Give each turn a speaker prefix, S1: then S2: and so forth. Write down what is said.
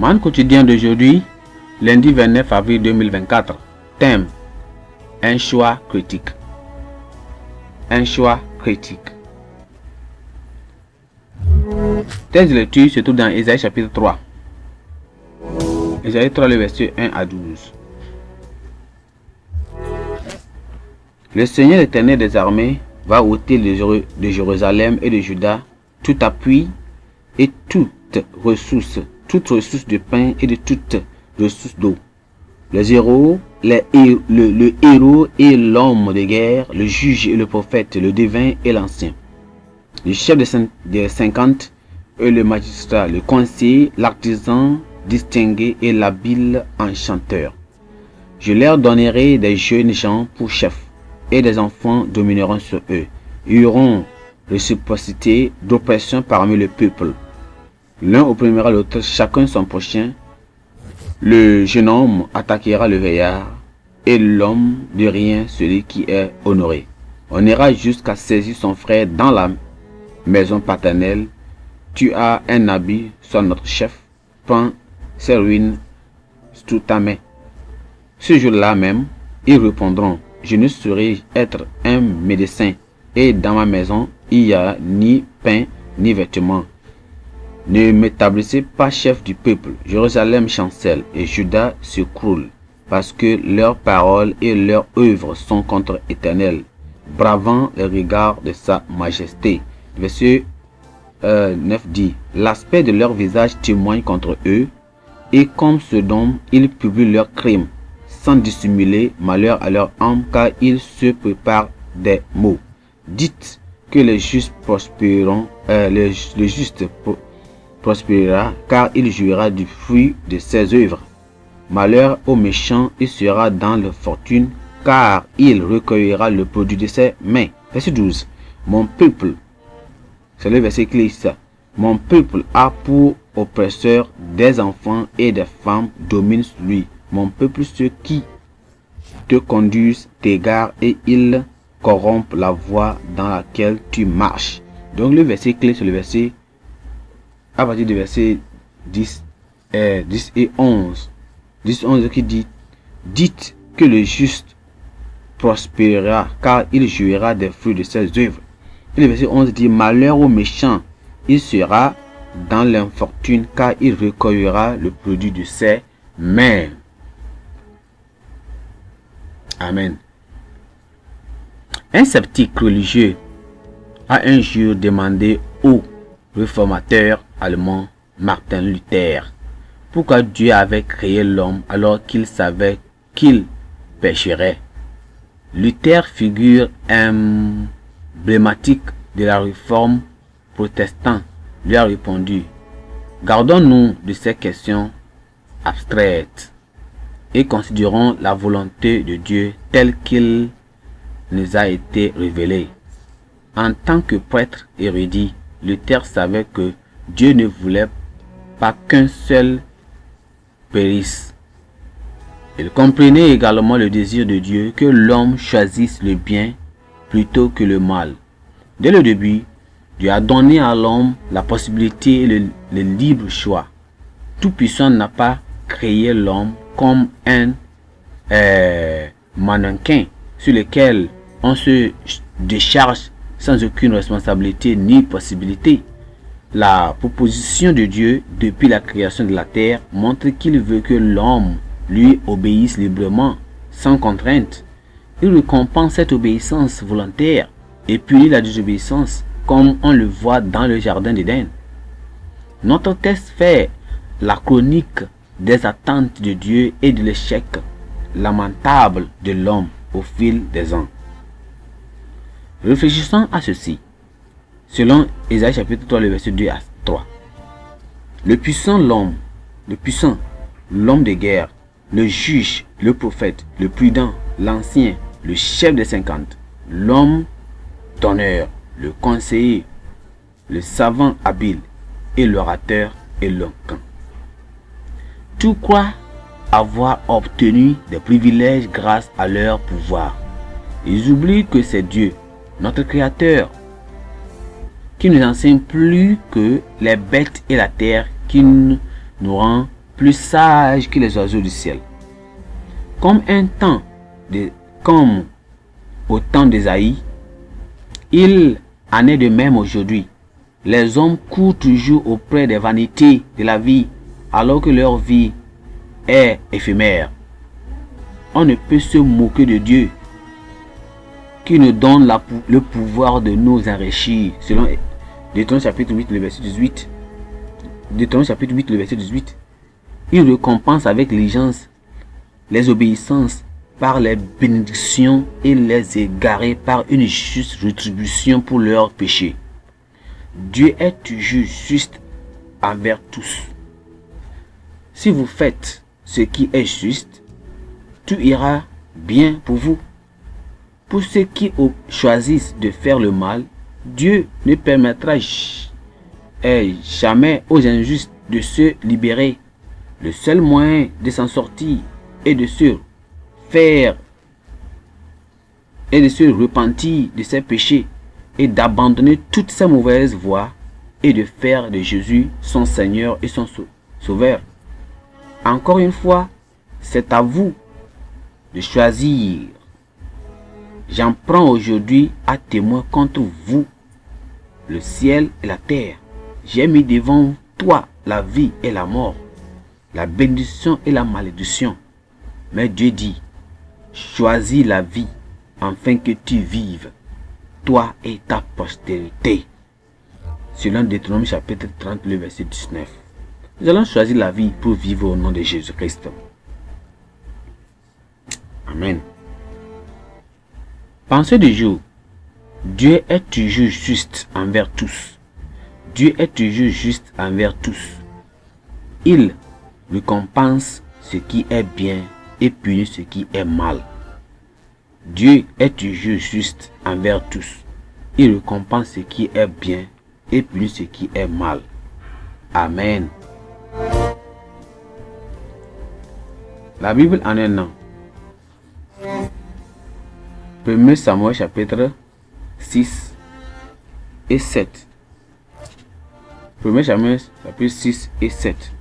S1: Man quotidien d'aujourd'hui, lundi 29 avril 2024. Thème Un choix critique. Un choix critique. Thèse de lecture se trouve dans Esaïe chapitre 3. Esaïe 3, le verset 1 à 12. Le Seigneur éternel des armées va ôter de Jérusalem et de Juda tout appui et toute ressource toute ressource de pain et de toute ressource d'eau. Les héros, le, héros et l'homme de guerre, le juge et le prophète, le divin et l'ancien. Le chef des cinquante et le magistrat, le conseiller, l'artisan distingué et l'habile enchanteur. Je leur donnerai des jeunes gens pour chefs, et des enfants domineront sur eux. Ils auront réciprocité d'oppression parmi le peuple. L'un opprimera l'autre, chacun son prochain. Le jeune homme attaquera le veillard et l'homme de rien, celui qui est honoré. On ira jusqu'à saisir son frère dans la maison paternelle. Tu as un habit, sur notre chef, Pain, ses ruines sous ta main. Ce jour-là même, ils répondront, je ne saurais être un médecin, et dans ma maison, il n'y a ni pain ni vêtements. Ne m'établissez pas chef du peuple. Jérusalem chancelle et Judas se croule, parce que leurs paroles et leurs œuvres sont contre éternel, bravant le regard de sa majesté. Verset 9 euh, dit L'aspect de leur visage témoigne contre eux, et comme ce dont ils publient leurs crimes, sans dissimuler malheur à leur âme, car ils se préparent des maux. Dites que les justes prospéreront, euh, les, les justes prospéreront prospérera, car il jouira du fruit de ses œuvres. Malheur aux méchants il sera dans leur fortune, car il recueillera le produit de ses mains. Verset 12. Mon peuple, c'est le verset clé. Mon peuple a pour oppresseur des enfants et des femmes domine lui. Mon peuple, ceux qui te conduisent t'égarent et ils corrompent la voie dans laquelle tu marches. Donc le verset clé, c'est le verset à partir du verset 10, 10 eh, et 11. 10 11 qui dit Dites que le juste prospérera, car il jouira des fruits de ses œuvres. Et le verset 11 dit Malheur au méchant, il sera dans l'infortune, car il recueillera le produit de ses mains. Amen. Un sceptique religieux a un jour demandé au réformateur allemand Martin Luther. Pourquoi Dieu avait créé l'homme alors qu'il savait qu'il pécherait Luther figure un emblématique de la réforme protestante lui a répondu Gardons-nous de ces questions abstraites et considérons la volonté de Dieu telle qu'il nous a été révélée. En tant que prêtre érudit, Luther savait que Dieu ne voulait pas qu'un seul périsse. Il comprenait également le désir de Dieu que l'homme choisisse le bien plutôt que le mal. Dès le début, Dieu a donné à l'homme la possibilité et le, libre choix. Tout-Puissant n'a pas créé l'homme comme un euh, mannequin sur lequel on se décharge sans aucune responsabilité ni possibilité. La proposition de Dieu depuis la création de la terre montre qu'il veut que l'homme lui obéisse librement, sans contrainte. Il récompense cette obéissance volontaire et punit la désobéissance comme on le voit dans le jardin d'Éden. Notre test fait la chronique des attentes de Dieu et de l'échec lamentable de l'homme au fil des ans. Réfléchissons à ceci. Selon Esaïe chapitre 3, le verset 2 à 3. Le puissant l'homme, le puissant, l'homme de guerre, le juge, le prophète, le prudent, l'ancien, le chef des cinquante, l'homme d'honneur, le conseiller, le savant habile, et l'orateur éloquent. Tout croit avoir obtenu des privilèges grâce à leur pouvoir. Ils oublient que c'est Dieu notre Créateur, qui nous enseigne plus que les bêtes et la terre, qui nous rend plus sages que les oiseaux du ciel. Comme un temps de, comme au temps il en est de même aujourd'hui. Les hommes courent toujours auprès des vanités de la vie, alors que leur vie est éphémère. On ne peut se moquer de Dieu qui nous donne la, le pouvoir de nous enrichir, selon Deutéronome chapitre 8, le verset 18. Deutéronome chapitre 8, le verset 18. Il récompense avec l'égence les obéissances par les bénédictions et les égarer par une juste rétribution pour leurs péchés. Dieu est toujours juste envers tous. Si vous faites ce qui est juste, tout ira bien pour vous. Pour ceux qui choisissent de faire le mal, Dieu ne permettra eh, jamais aux injustes de se libérer. Le seul moyen de s'en sortir est de se faire et de se repentir de ses péchés et d'abandonner toutes ses mauvaises voies et de faire de Jésus son Seigneur et son Sauveur. Encore une fois, c'est à vous de choisir J'en prends aujourd'hui à témoin contre vous, le ciel et la terre. J'ai mis devant toi la vie et la mort, la bénédiction et la malédiction. Mais Dieu dit, choisis la vie afin que tu vives, toi et ta postérité. Selon Deutéronome chapitre 30, le verset 19. Nous allons choisir la vie pour vivre au nom de Jésus-Christ. Amen. Pensez du jour. Dieu est toujours juste envers tous. Dieu est toujours juste envers tous. Il récompense ce qui est bien et punit ce qui est mal. Dieu est toujours juste envers tous. Il récompense ce qui est bien et punit ce qui est mal. Amen. La Bible en un an. 1 Samuel chapitre 6 et 7. 1 Samuel chapitre 6 et 7.